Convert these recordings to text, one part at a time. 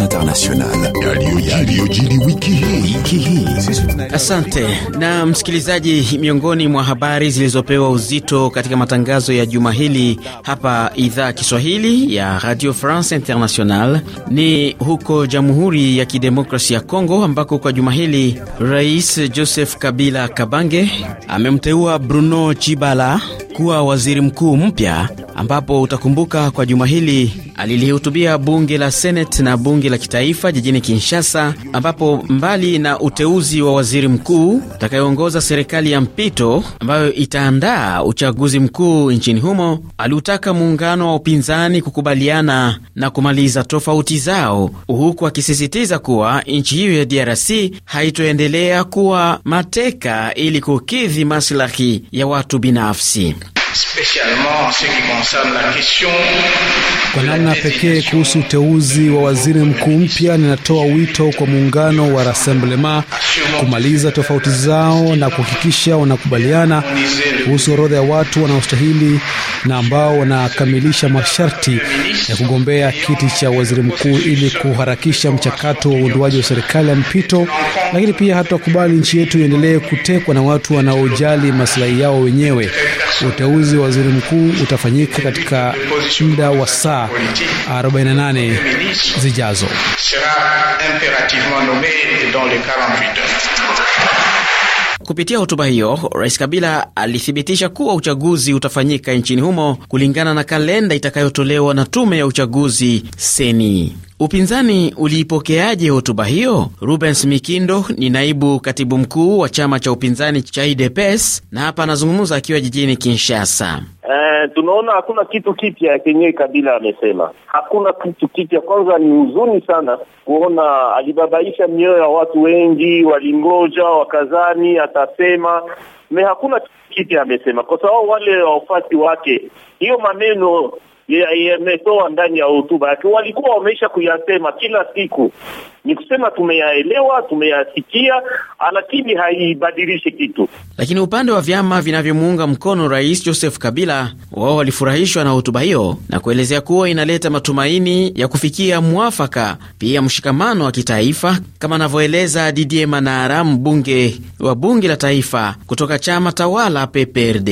internationale. yaliyojiri wiki hii. Asante na msikilizaji, miongoni mwa habari zilizopewa uzito katika matangazo ya juma hili hapa idhaa Kiswahili ya Radio France International ni huko Jamhuri ya Kidemokrasi ya Kongo, ambako kwa juma hili Rais Joseph Kabila Kabange amemteua Bruno Chibala kuwa waziri mkuu mpya, ambapo utakumbuka kwa juma hili alilihutubia bunge la Senate na bunge la kitaifa jijini Kinshasa, ambapo mbali na uteuzi wa waziri mkuu atakayeongoza serikali ya mpito ambayo itaandaa uchaguzi mkuu nchini humo, aliutaka muungano wa upinzani kukubaliana na kumaliza tofauti zao, huku akisisitiza kuwa nchi hiyo ya DRC haitoendelea kuwa mateka ili kukidhi maslahi ya watu binafsi spécialement en ce qui concerne la question. Kwa namna pekee kuhusu uteuzi wa waziri mkuu mpya, ninatoa wito kwa muungano wa Rassemblement kumaliza tofauti zao na kuhakikisha wanakubaliana kuhusu orodha ya watu wanaostahili na ambao wanakamilisha masharti ya kugombea kiti cha waziri mkuu ili kuharakisha mchakato wa uundwaji wa serikali ya mpito, lakini pia hatutakubali nchi yetu iendelee kutekwa na watu wanaojali maslahi yao wenyewe. Uteuzi uchaguzi wa waziri mkuu utafanyika katika muda wa saa 48 zijazo. Kupitia hotuba hiyo, Rais Kabila alithibitisha kuwa uchaguzi utafanyika nchini humo kulingana na kalenda itakayotolewa na tume ya uchaguzi seni. Upinzani uliipokeaje hotuba hiyo? Rubens Mikindo ni naibu katibu mkuu wa chama cha upinzani cha UDPS na hapa anazungumza akiwa jijini Kinshasa. Uh, tunaona hakuna kitu kipya kenyewe Kabila amesema, hakuna kitu kipya. Kwanza ni huzuni sana kuona alibabaisha mioyo ya watu wengi, walingoja wakazani atasema me, hakuna kitu kipya amesema, kwa sababu wale wafuasi wake hiyo maneno yametoa ndani ya hotuba yake, walikuwa wameisha kuyasema kila siku. Ni kusema tumeyaelewa, tumeyasikia, lakini haibadilishi kitu. Lakini upande wa vyama vinavyomuunga mkono Rais Joseph Kabila, wao walifurahishwa na hotuba hiyo na kuelezea kuwa inaleta matumaini ya kufikia mwafaka, pia mshikamano wa kitaifa, kama anavyoeleza Didie Manara, mbunge wa bunge la taifa kutoka chama tawala PPRD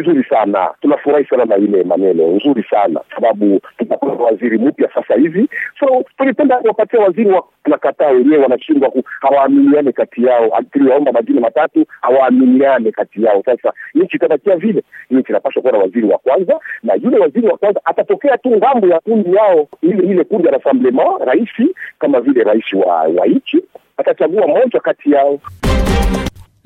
nzuri sana, tunafurahi sana na ile maneno nzuri sana sababu tutakuwa na waziri mpya sasa hivi. So tulipenda kuwapatia waziri wa nakataa wenyewe, wanashindwa hawaaminiane kati yao, tuliwaomba majina matatu, hawaaminiane kati yao. Sasa nchi itabakia vile, nchi inapaswa kuwa na waziri wa kwanza, na yule waziri wa kwanza atatokea tu ngambo ya kundi yao ile ile kundi ya Rassemblement, rahisi kama vile rais wa, wa nchi atachagua moja kati yao.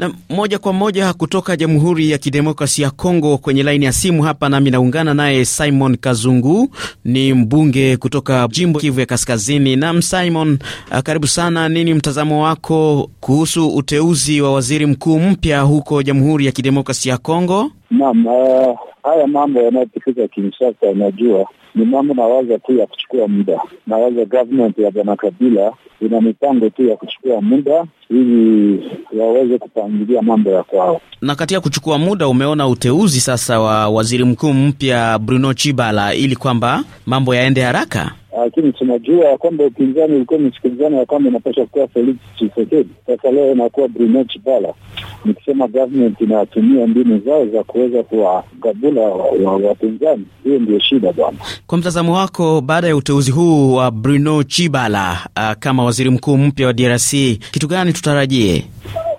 Na moja kwa moja kutoka Jamhuri ya kidemokrasi ya Kongo kwenye laini ya simu hapa, nami naungana naye Simon Kazungu, ni mbunge kutoka jimbo Kivu ya Kaskazini. nam Simon, karibu sana. Nini mtazamo wako kuhusu uteuzi wa waziri mkuu mpya huko Jamhuri ya kidemokrasi ya Kongo? Naam, haya mambo yanayotokea Kinshasa, yanajua ni mambo na waza tu ya kuchukua muda. Na waza government ya bwana Kabila ina mipango tu ya kuchukua muda ili waweze kupangilia mambo ya kwao. Na katika kuchukua muda, umeona uteuzi sasa wa waziri mkuu mpya Bruno Chibala ili kwamba mambo yaende haraka lakini tunajua ya kwamba upinzani ulikuwa umesikilizana ya kwamba inapasha kuwa Felix Chisekedi. Sasa leo inakuwa Bruno chibala nikisema government inatumia mbinu zao za kuweza kuwagabula wapinzani wa, wa hiyo ndio shida bwana. Kwa mtazamo wako, baada ya uteuzi huu wa Bruno chibala uh, kama waziri mkuu mpya wa DRC, kitu gani tutarajie?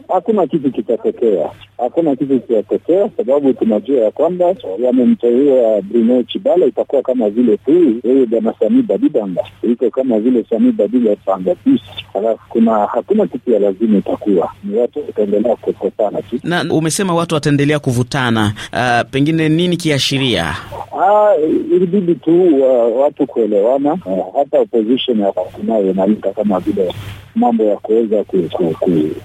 Hakuna kitu kitatokea hakuna kitu kiwakosea, sababu tunajua ya kwamba wamemteua Bruno Chibala itakuwa kama vile tu yeye bwana Sami Badibanga iko kama vile Sami Badibanga pisi, alafu kuna hakuna kitu ya lazima, itakuwa ni watu wataendelea kukosana tu. Na umesema watu wataendelea kuvutana, uh, pengine nini kiashiria? Ah, ilibidi tu uh, watu kuelewana, uh, hata opposition nayo inalika kama vile mambo ya kuweza kukata ku,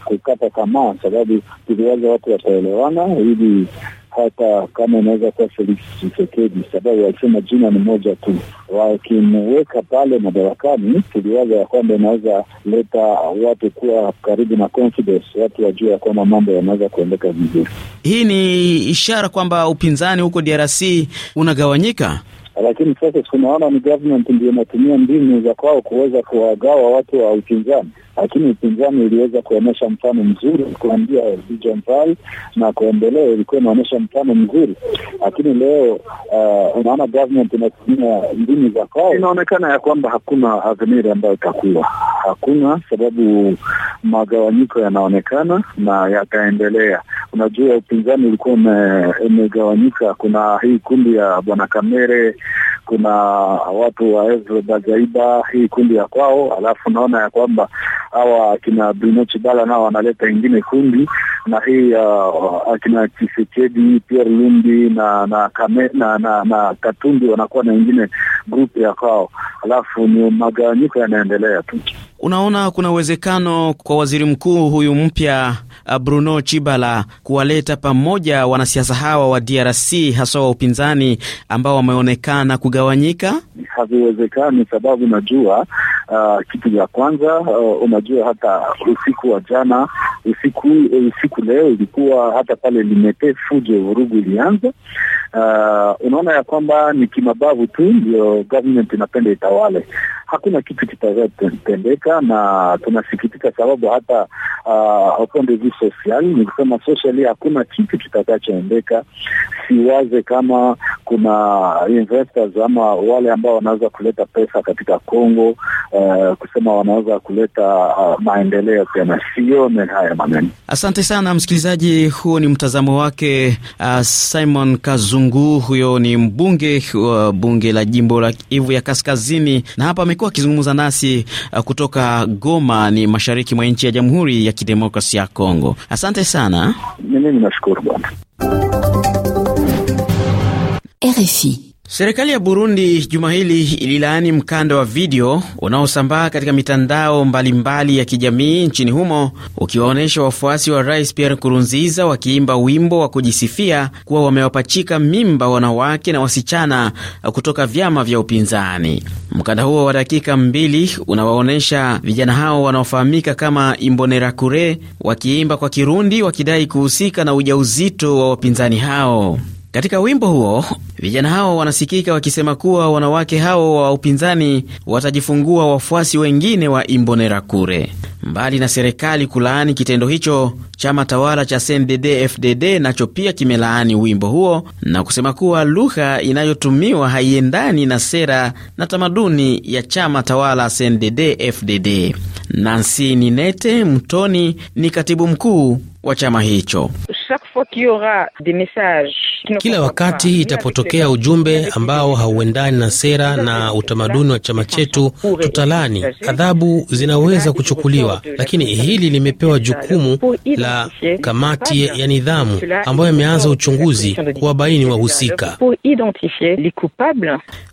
ku, ku, tamaa, sababu tuliwaza watu wat kuelewana, ili hata kama inaweza kuwa Felix Tshisekedi, sababu walisema jina ni moja tu, wakimweka pale madarakani, tuliwaza ya kwamba inaweza leta watu kuwa karibu na confidence, watu wajua ya kwamba mambo yanaweza kuendeka vizuri. Hii ni ishara kwamba upinzani huko DRC unagawanyika lakini sasa tunaona ni government ndio inatumia mbinu za kwao kuweza kuwagawa watu wa upinzani, lakini upinzani uliweza kuonyesha mfano mzuri kuambia John na kuendelea, ilikuwa inaonyesha mfano mzuri, lakini leo uh, unaona government inatumia mbinu za kwao. Inaonekana ya kwamba hakuna aveniri ambayo itakuwa hakuna, sababu magawanyiko yanaonekana na yataendelea unajua upinzani ulikuwa umegawanyika. Kuna hii kundi ya bwana Kamere, kuna watu wa Ezra Bazaiba, hii kundi ya kwao, alafu naona ya kwamba hawa kina Bruno Chibala nao wanaleta ingine kundi na hii uh, uh akina Chisekedi, Pierre Lumbi na na, Kame, na, na, na Katumbi wanakuwa na wengine grupu ya kwao, alafu ni magawanyiko yanaendelea tu. Unaona, kuna uwezekano kwa waziri mkuu huyu mpya uh, Bruno Chibala kuwaleta pamoja wanasiasa hawa wa DRC haswa wa upinzani ambao wameonekana kugawanyika? Haviwezekani sababu najua Uh, kitu ya kwanza uh, unajua hata usiku wa jana usiku usiku leo ilikuwa hata pale Limete fujo vurugu ilianza. Uh, unaona ya kwamba ni kimabavu tu ndio government inapenda itawale, hakuna kitu kitatendeka na tunasikitika sababu hata uh, upande vi social ni kusema socially hakuna kitu kitakachoendeka. Siwaze kama kuna investors ama wale ambao wanaweza kuleta pesa katika Congo Eh, kusema wanaweza kuleta uh, maendeleo tena, sione haya maneno. Asante sana msikilizaji, huo ni mtazamo wake uh, Simon Kazungu. Huyo ni mbunge wa uh, bunge la jimbo la Kivu ya Kaskazini, na hapa amekuwa akizungumza nasi uh, kutoka Goma, ni mashariki mwa nchi ya Jamhuri ya Kidemokrasia ya Kongo. Asante sana, mimi nashukuru bwana RFI. Serikali ya Burundi juma hili ililaani mkanda wa video unaosambaa katika mitandao mbalimbali mbali ya kijamii nchini humo ukiwaonyesha wafuasi wa Rais Pierre Kurunziza wakiimba wimbo wa kujisifia kuwa wamewapachika mimba wanawake na wasichana kutoka vyama vya upinzani. Mkanda huo wa dakika mbili unawaonyesha vijana hao wanaofahamika kama Imbonerakure wakiimba kwa Kirundi wakidai kuhusika na ujauzito wa wapinzani hao. Katika wimbo huo vijana hao wanasikika wakisema kuwa wanawake hao wa upinzani watajifungua wafuasi wengine wa Imbonerakure. Mbali na serikali kulaani kitendo hicho, chama tawala cha CNDD-FDD nacho pia kimelaani wimbo huo na kusema kuwa lugha inayotumiwa haiendani na sera na tamaduni ya chama tawala CNDD-FDD. Nancy Ninete Mtoni ni katibu mkuu wa chama hicho. Kila wakati itapotokea ujumbe ambao hauendani na sera na utamaduni wa chama chetu, tutalani. Adhabu zinaweza kuchukuliwa, lakini hili limepewa jukumu la kamati ya nidhamu ambayo imeanza uchunguzi kuwabaini wahusika.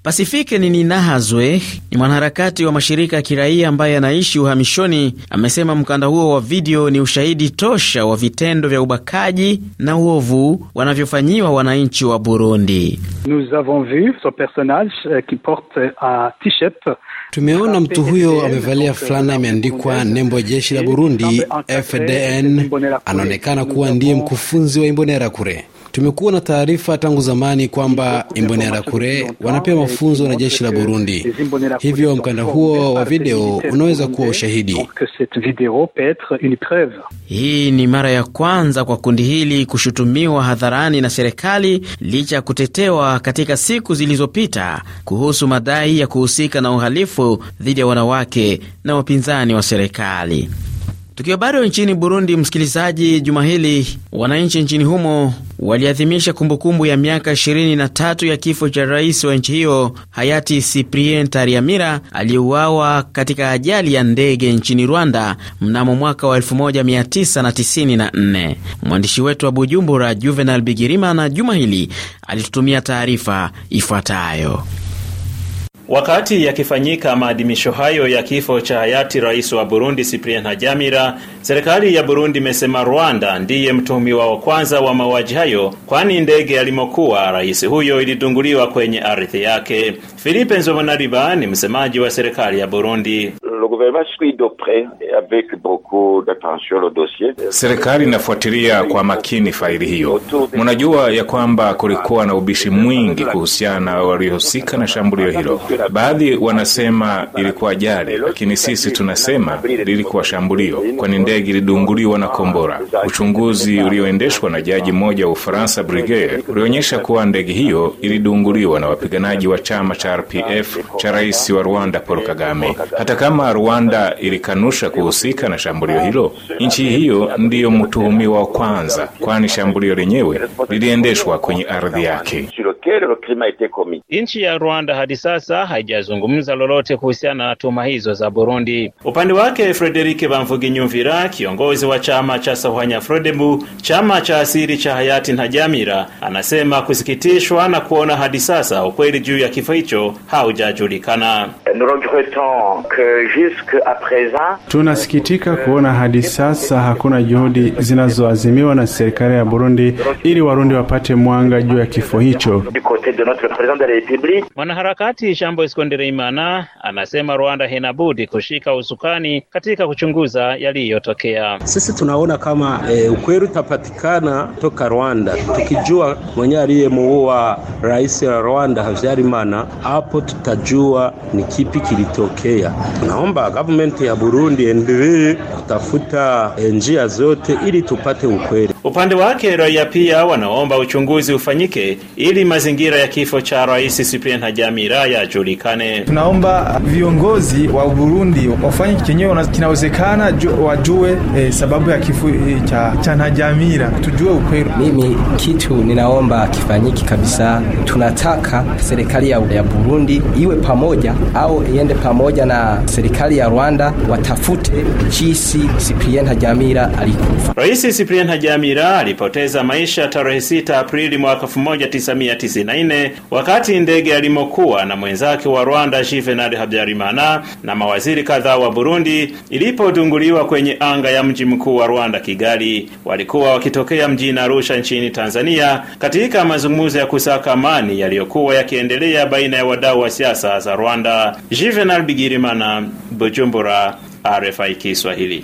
Pasifike Ninahazwe ni mwanaharakati wa mashirika ya kiraia ambaye anaishi uhamishoni, amesema mkanda huo wa video ni ushahidi tosha wa vitendo vya ubakaji na uovu wanavyofanyiwa wananchi wa Burundi. Euh, euh, Tumeona mtu huyo amevalia euh, fulana imeandikwa nembo ya jeshi la Burundi FDN, anaonekana kuwa ndiye mkufunzi wa Imbonera kure Tumekuwa na taarifa tangu zamani kwamba Imbonerakure wanapewa mafunzo na jeshi la Burundi, hivyo mkanda huo wa video unaweza kuwa ushahidi. Hii ni mara ya kwanza kwa kundi hili kushutumiwa hadharani na serikali licha ya kutetewa katika siku zilizopita kuhusu madai ya kuhusika na uhalifu dhidi ya wanawake na wapinzani wa serikali. Tukiwa bado nchini Burundi, msikilizaji, juma hili wananchi nchini humo waliadhimisha kumbukumbu ya miaka 23 ya kifo cha rais wa nchi hiyo hayati Cyprien Tariamira aliyeuawa katika ajali ya ndege nchini Rwanda mnamo mwaka wa 1994. Mwandishi wetu wa Bujumbura, Juvenal Bigirima, na juma hili alitutumia taarifa ifuatayo. Wakati yakifanyika maadhimisho hayo ya kifo cha hayati rais wa Burundi Cyprien Ntajamira, serikali ya Burundi imesema Rwanda ndiye mtuhumiwa wa kwanza wa mauaji hayo, kwani ndege alimokuwa rais huyo ilidunguliwa kwenye ardhi yake. Filipe Nzobanariba ni msemaji wa serikali ya Burundi gouvernement suit de près avec beaucoup d'attention le dossier. Serikali inafuatilia kwa makini faili hiyo. Mnajua ya kwamba kulikuwa na ubishi mwingi kuhusiana na waliohusika na shambulio hilo. Baadhi wanasema ilikuwa ajali, lakini sisi tunasema lilikuwa shambulio, kwani ndege ilidunguliwa na kombora. Uchunguzi ulioendeshwa na jaji mmoja wa Ufaransa, Brigade ulionyesha kuwa ndege hiyo ilidunguliwa na wapiganaji wa chama cha RPF cha rais wa Rwanda Paul Kagame. Hata kama Rwanda Rwanda ilikanusha kuhusika na shambulio hilo, nchi hiyo ndiyo mtuhumiwa wa kwanza, kwani shambulio lenyewe liliendeshwa kwenye ardhi yake hilo klima ite komi. Nchi ya Rwanda hadi sasa haijazungumza lolote kuhusiana na tuma hizo za Burundi. Upande wake Frederike Bamvugi Nyumvira, kiongozi wa chama cha Sahwanya Frodebu, chama cha asili cha hayati Ntajamira, anasema kusikitishwa na kuona hadi sasa ukweli juu ya kifo hicho haujajulikana. Tunasikitika kuona hadi sasa hakuna juhudi zinazoazimiwa na serikali ya Burundi ili Warundi wapate mwanga juu ya kifo hicho côté de notre président de la République. Mwanaharakati Shambo imana anasema Rwanda inabudi kushika usukani katika kuchunguza yaliyotokea. Sisi tunaona kama e, ukweli utapatikana toka Rwanda, tukijua mwenye aliyemuua rais wa Rwanda Habyarimana, hapo tutajua ni kipi kilitokea. Tunaomba government ya Burundi endelee kutafuta eh, njia zote ili tupate ukweli. Upande wake raia pia wanaomba uchunguzi ufanyike ili mazingira mazingira ya kifo cha Rais Cyprien Ntajamira yajulikane. Tunaomba viongozi wa Burundi wafanye chenyewe kinawezekana, wajue eh, sababu ya kifo eh, cha, cha Ntajamira, tujue ukweli. Mimi kitu ninaomba kifanyiki kabisa, tunataka serikali ya, ya Burundi iwe pamoja au iende pamoja na serikali ya Rwanda watafute jinsi Cyprien Ntajamira alikufa. Rais Cyprien Ntajamira alipoteza maisha tarehe 6 Aprili mwaka 1990 94 wakati ndege alimokuwa na mwenzake wa Rwanda Juvenal Habyarimana na mawaziri kadhaa wa Burundi ilipodunguliwa kwenye anga ya mji mkuu wa Rwanda Kigali. Walikuwa wakitokea mjini Arusha nchini Tanzania katika mazungumzo ya kusaka amani yaliyokuwa yakiendelea baina ya wadau wa siasa za Rwanda. Juvenal Bigirimana, Bujumbura, RFI Kiswahili.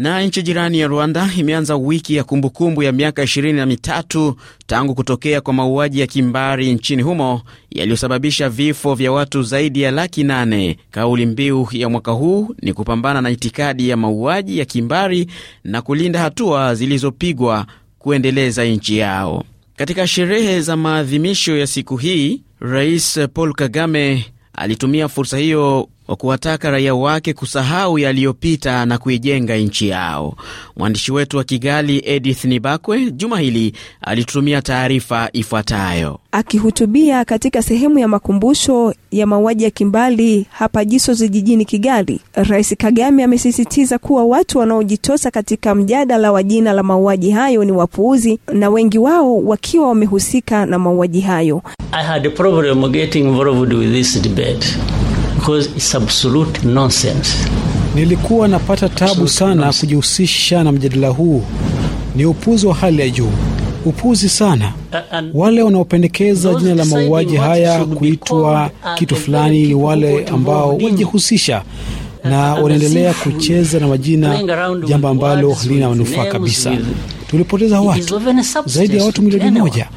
Na nchi jirani ya Rwanda imeanza wiki ya kumbukumbu ya miaka 23 tangu kutokea kwa mauaji ya kimbari nchini humo yaliyosababisha vifo vya watu zaidi ya laki nane. Kauli mbiu ya mwaka huu ni kupambana na itikadi ya mauaji ya kimbari na kulinda hatua zilizopigwa kuendeleza nchi yao. Katika sherehe za maadhimisho ya siku hii, Rais Paul Kagame alitumia fursa hiyo wa kuwataka raia wake kusahau yaliyopita na kuijenga nchi yao. Mwandishi wetu wa Kigali, Edith Nibakwe, juma hili alitutumia taarifa ifuatayo. Akihutubia katika sehemu ya makumbusho ya mauaji ya kimbali hapa Jisozi jijini Kigali, Rais Kagame amesisitiza kuwa watu wanaojitosa katika mjadala wa jina la mauaji hayo ni wapuuzi na wengi wao wakiwa wamehusika na mauaji hayo. I had a problem getting involved with this debate because it's absolute nonsense. Nilikuwa napata tabu sana kujihusisha na mjadala huu, ni upuzi wa hali ya juu, upuzi sana. Wale wanaopendekeza jina la mauaji haya kuitwa kitu fulani ni wale ambao walijihusisha na wanaendelea kucheza na majina, jambo ambalo halina manufaa kabisa. Tulipoteza watu zaidi ya watu milioni moja.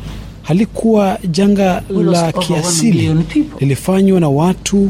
Halikuwa janga la kiasili, lilifanywa na watu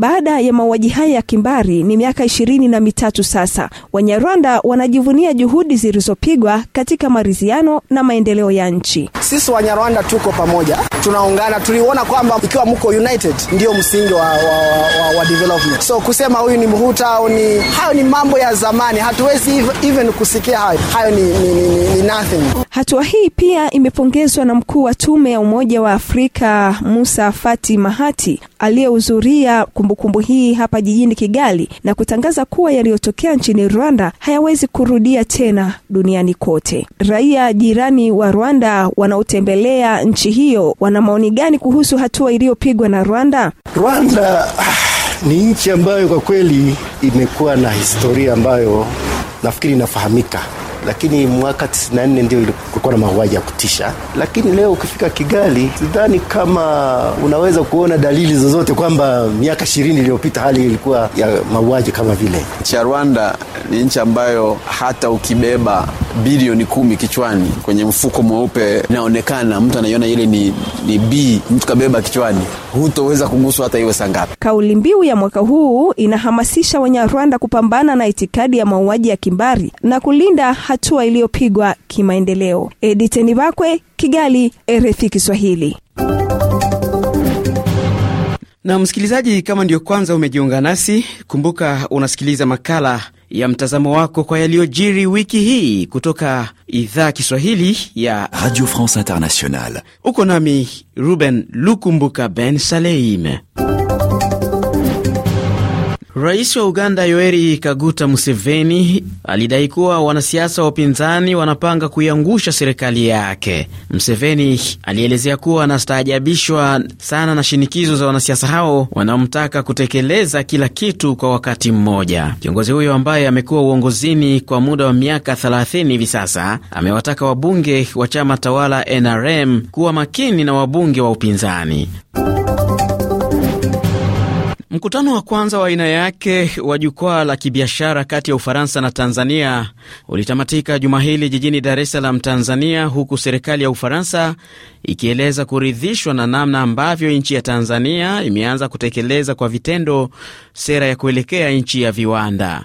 Baada ya mauaji haya ya kimbari ni miaka ishirini na mitatu sasa, Wanyarwanda wanajivunia juhudi zilizopigwa katika maridhiano na maendeleo ya nchi. Sisi Wanyarwanda tuko pamoja, tunaungana. Tuliona kwamba ikiwa mko united ndiyo msingi wa, wa, wa, wa development. So kusema huyu ni mhuta au ni hayo ni mambo ya zamani, hatuwezi even kusikia hayo, hayo ni, ni, ni, ni, ni nothing. Hatua hii pia imepongezwa na mkuu wa tume ya Umoja wa Afrika Musa Fati Mahati aliyehudhuria kumbukumbu hii hapa jijini Kigali na kutangaza kuwa yaliyotokea nchini Rwanda hayawezi kurudia tena duniani kote. Raia jirani wa Rwanda wanaotembelea nchi hiyo wana maoni gani kuhusu hatua iliyopigwa na Rwanda? Rwanda ah, ni nchi ambayo kwa kweli imekuwa na historia ambayo nafikiri inafahamika lakini mwaka 94 ndio kulikuwa na mauaji ya kutisha. Lakini leo ukifika Kigali, sidhani kama unaweza kuona dalili zozote kwamba miaka ishirini iliyopita hali ilikuwa ya mauaji kama vile. Nchi ya Rwanda ni nchi ambayo hata ukibeba bilioni kumi kichwani kwenye mfuko mweupe inaonekana, mtu anaiona ile ni, ni b mtu kabeba kichwani, hutoweza kuguswa hata iwe sangapi. Kauli mbiu ya mwaka huu inahamasisha Wanyarwanda kupambana na itikadi ya mauaji ya kimbari na kulinda hatua iliyopigwa kimaendeleo. Edith Kigali, RFI Kiswahili. Na msikilizaji, kama ndiyo kwanza umejiunga nasi, kumbuka unasikiliza makala ya mtazamo wako kwa yaliyojiri wiki hii kutoka idhaa Kiswahili ya Radio France Internationale. Uko nami Ruben Lukumbuka Ben Saleim. Rais wa Uganda Yoweri Kaguta Museveni alidai kuwa wanasiasa wa upinzani wanapanga kuiangusha serikali yake. Museveni alielezea kuwa anastaajabishwa sana na shinikizo za wanasiasa hao wanaomtaka kutekeleza kila kitu kwa wakati mmoja. Kiongozi huyo ambaye amekuwa uongozini kwa muda wa miaka 30 hivi sasa amewataka wabunge wa chama tawala NRM kuwa makini na wabunge wa upinzani. Mkutano wa kwanza wa aina yake wa jukwaa la kibiashara kati ya Ufaransa na Tanzania ulitamatika juma hili jijini Dar es Salaam, Tanzania, huku serikali ya Ufaransa ikieleza kuridhishwa na namna ambavyo nchi ya Tanzania imeanza kutekeleza kwa vitendo sera ya kuelekea nchi ya viwanda.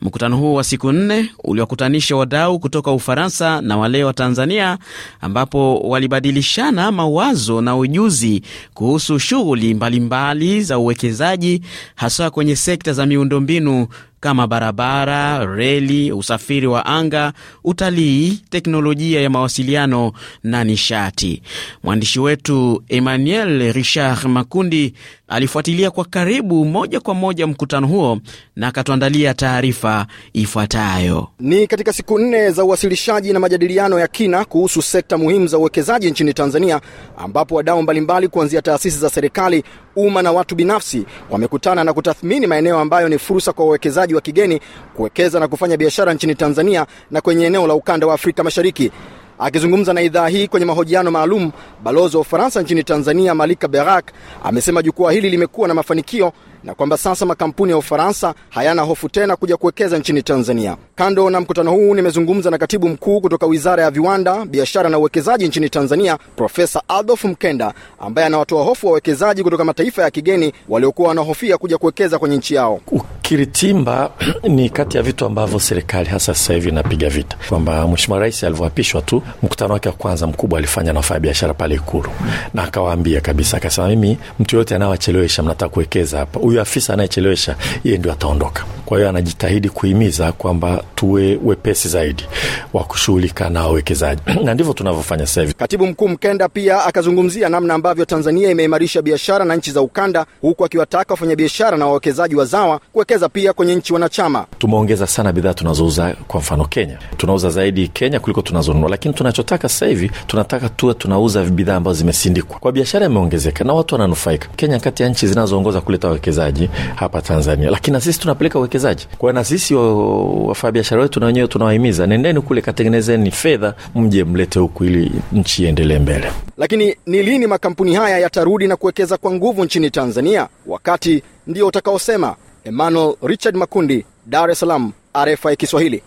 Mkutano huo wa siku nne uliwakutanisha wadau kutoka Ufaransa na wale wa Tanzania, ambapo walibadilishana mawazo na ujuzi kuhusu shughuli mbalimbali za uwekezaji, hasa kwenye sekta za miundombinu kama barabara, reli, usafiri wa anga, utalii, teknolojia ya mawasiliano na nishati. Mwandishi wetu Emmanuel Richard Makundi alifuatilia kwa karibu moja kwa moja mkutano huo na akatuandalia taarifa ifuatayo. Ni katika siku nne za uwasilishaji na majadiliano ya kina kuhusu sekta muhimu za uwekezaji nchini Tanzania, ambapo wadau mbalimbali kuanzia taasisi za serikali umma na watu binafsi wamekutana na kutathmini maeneo ambayo ni fursa kwa wawekezaji wa kigeni kuwekeza na kufanya biashara nchini Tanzania na kwenye eneo la ukanda wa Afrika Mashariki. Akizungumza na idhaa hii kwenye mahojiano maalum, balozi wa Ufaransa nchini Tanzania Malika Berak amesema jukwaa hili limekuwa na mafanikio na kwamba sasa makampuni ya Ufaransa hayana hofu tena kuja kuwekeza nchini Tanzania. Kando na mkutano huu, nimezungumza na katibu mkuu kutoka Wizara ya Viwanda, Biashara na Uwekezaji nchini Tanzania, Profesa Adolf Mkenda, ambaye anawatoa hofu wawekezaji kutoka mataifa ya kigeni waliokuwa wanahofia kuja kuwekeza kwenye nchi yao. Ukiritimba ni kati ya vitu ambavyo serikali hasa sasa hivi inapiga vita, kwamba Mheshimiwa Rais alivyoapishwa tu, mkutano wake wa kwanza mkubwa alifanya na biashara pale Ikulu, na akawaambia kabisa, akasema, mimi mtu yoyote anayewachelewesha, mnataka kuwekeza hapa, huyu afisa anayechelewesha, yeye ndio ataondoka. Kwa hiyo anajitahidi kuhimiza kwamba tuwe wepesi zaidi wa kushughulika na wawekezaji na ndivyo tunavyofanya sasa hivi. Katibu Mkuu Mkenda pia akazungumzia namna ambavyo Tanzania imeimarisha biashara na nchi za ukanda, huku akiwataka wafanyabiashara na wawekezaji wazawa kuwekeza pia kwenye nchi wanachama. Tumeongeza sana bidhaa tunazouza, kwa mfano Kenya, tunauza zaidi Kenya kuliko tunazonunua, lakini tunachotaka sasa hivi tunataka tuwe tunauza bidhaa ambazo zimesindikwa. Kwa biashara imeongezeka na watu wananufaika. Kenya kati ya nchi zinazoongoza kuleta wawekezaji hapa Tanzania, lakini na sisi tunapeleka wawekezaji kwao na sisi wafanya wafanyabiashara wetu, na wenyewe tunawahimiza nendeni kule katengenezeni fedha, mje mlete huku ili nchi iendelee mbele. Lakini ni lini makampuni haya yatarudi na kuwekeza kwa nguvu nchini Tanzania? Wakati ndio utakaosema. Emmanuel Richard Makundi, Dar es Salaam, RFI Kiswahili.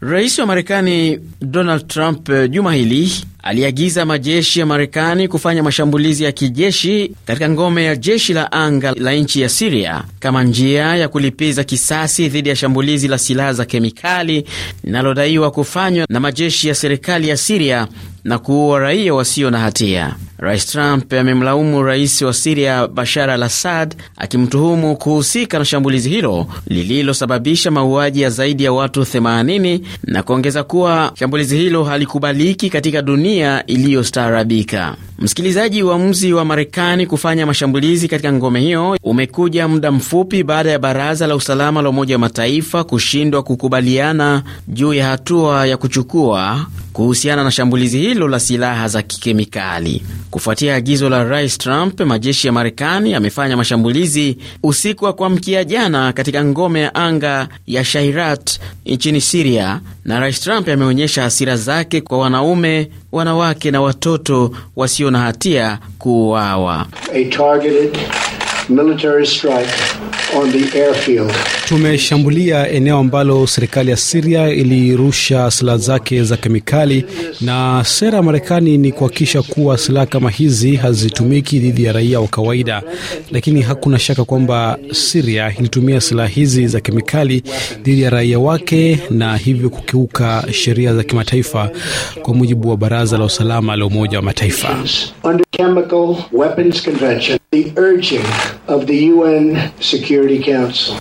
Rais wa Marekani Donald Trump eh, juma hili aliagiza majeshi ya Marekani kufanya mashambulizi ya kijeshi katika ngome ya jeshi la anga la nchi ya Siria kama njia ya kulipiza kisasi dhidi ya shambulizi la silaha za kemikali linalodaiwa kufanywa na majeshi ya serikali ya Siria na kuua raia wasio na hatia. Rais Trump amemlaumu rais wa Siria Bashar al Assad, akimtuhumu kuhusika na shambulizi hilo lililosababisha mauaji ya zaidi ya watu 80 na kuongeza kuwa shambulizi hilo halikubaliki katika dunia dunia iliyostaarabika. Msikilizaji, uamuzi wa Marekani kufanya mashambulizi katika ngome hiyo umekuja muda mfupi baada ya Baraza la Usalama la Umoja wa Mataifa kushindwa kukubaliana juu ya hatua ya kuchukua kuhusiana na shambulizi hilo la silaha za kikemikali. Kufuatia agizo la Rais Trump, majeshi ya Marekani yamefanya mashambulizi usiku wa kuamkia jana katika ngome ya anga ya Shairat nchini Siria, na Rais Trump ameonyesha hasira zake kwa wanaume, wanawake na watoto wasio na hatia kuuawa on the airfield. Tumeshambulia eneo ambalo serikali ya siria ilirusha silaha zake za kemikali, na sera ya Marekani ni kuhakikisha kuwa silaha kama hizi hazitumiki dhidi ya raia wa kawaida, lakini hakuna shaka kwamba siria ilitumia silaha hizi za kemikali dhidi ya raia wake na hivyo kukiuka sheria za kimataifa kwa mujibu wa Baraza la Usalama la Umoja wa Mataifa. Under Chemical Weapons Convention.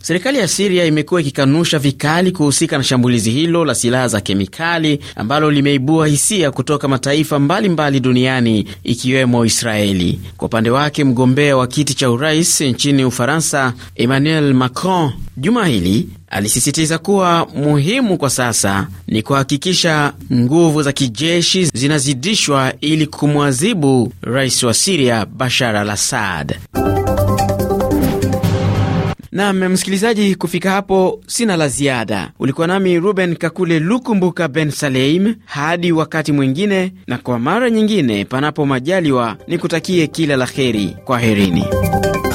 Serikali ya siria imekuwa ikikanusha vikali kuhusika na shambulizi hilo la silaha za kemikali ambalo limeibua hisia kutoka mataifa mbalimbali mbali duniani ikiwemo Israeli. Kwa upande wake, mgombea wa kiti cha urais nchini Ufaransa Emmanuel Macron juma hili Alisisitiza kuwa muhimu kwa sasa ni kuhakikisha nguvu za kijeshi zinazidishwa ili kumwadhibu rais wa Siria Bashar al Assad. Nam msikilizaji, kufika hapo sina la ziada. Ulikuwa nami Ruben Kakule Lukumbuka Ben Saleim, hadi wakati mwingine, na kwa mara nyingine, panapo majaliwa, nikutakie kila la heri. Kwaherini.